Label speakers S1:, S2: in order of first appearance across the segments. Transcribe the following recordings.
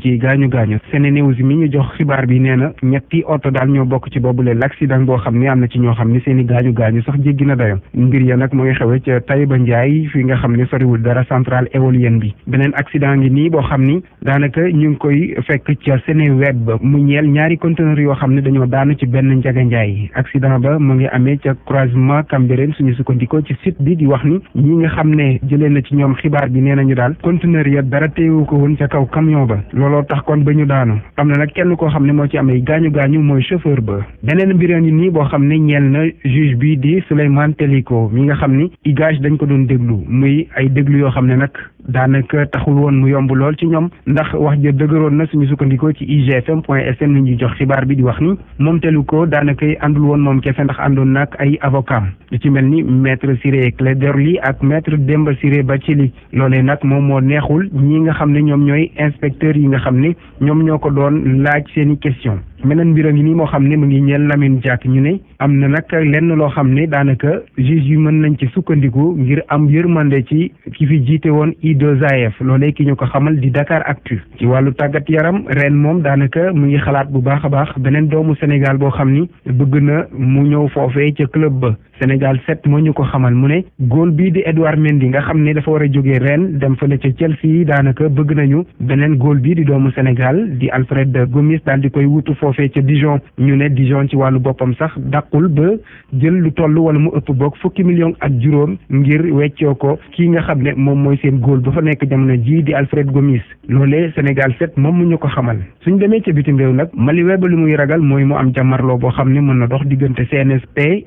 S1: ci gaañu gaañu Senenews mi ñu jox xibaar bi nee na ñetti oto daal ñoo bokk ci boobule l'accident boo xam ne am na ci ñoo xam ni seeni gaañu gaañu sax jéggi na dayoo ngir ya nag moo ngi xewee ca Taïba njaay fi nga xam ne soriwul dara centrale éolienne bi beneen accident ngi nii boo xam ni daanaka ñu ngi koy fekk ca Seneweb ba mu ñeel ñaari conteneur yoo xam ne dañoo daanu ci benn njaga njaay yi accident ba mu ngi amee ca croisement Cambérène suñu sukkandikoo ci site bi di wax ni ñi nga xam ne jëlee na ci ñoom xibaar bi nee nañu daal conteneur ya dara teewu ko woon ca kaw camion ba looloo tax kon ba ñu daanu am na nag kenn koo xam ne moo ci amee gaañu gaañu mooy chauffeur ba beneen mbir yi nii boo xam ne ñeel na juge bi di Souleymane Teliko mi nga xam ni igage dañ ko doon déglu muy ay déglu yoo xam ne nag daanaka taxul woon mu yomb lool ci ñoom ndax wax ja dëgëroon na suñu sukkandikoo ci igfm point sn mi ñuy jox xibaar bi di wax ni moom telu ko daanakay àndul woon moom kese ndax àndoon nag ay avocat lu ci mel ni maître Ciré Clédor li ak maître ba ci li loolee nag moom moo neexul ñi nga xam ne ñoom ñooy inspecteur yi nga xam ne ñoom ñoo ko doon laaj seeni question meneen mbir a nii moo xam ne mu ngi ñeel Lamine Diack ñu ne am na nag lenn loo xam ne daanaka juge yi mën nañ ci sukkandiku ngir am yërmande ci ki fi jiite woon I2AF ki ñu ko xamal di Dakar Actu ci wàllu tàggat yaram ren moom daanaka mu ngi xalaat bu baax a baax beneen doomu Sénégal boo xam ni bëgg na mu ñëw foofee ca club ba Sénégal set moo ñu ko xamal mu ne góol bii di Edouard Mendy nga xam ne dafa war a jógee ren dem fa fële ca Chelsea daanaka bëgg nañu beneen góol bii di doomu Sénégal di Alfred Gomis daan di koy wutu foofee ca Dijon ñu ne Dijon ci wàllu boppam sax dàqul ba jël lu toll wala mu ëpp boog fukki million ak juróom ngir weccoo ko kii nga xam ne moom mooy seen góol ba fa nekk jamono ji di Alfred Gomis loolee Sénégal set moom mu ñu ko xamal suñ demee ci bitim réew nag Mali web li muy ragal mooy mu am jàmmarloo boo xam ne mën na dox diggante CNSP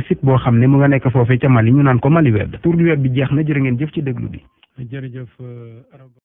S1: benn boo xam ne mu nga nekk foofee ca Mali ñu naan ko Mali web tour du web bi jeex na jërë ngeen jëf ci déglu bi jërëjëf euh,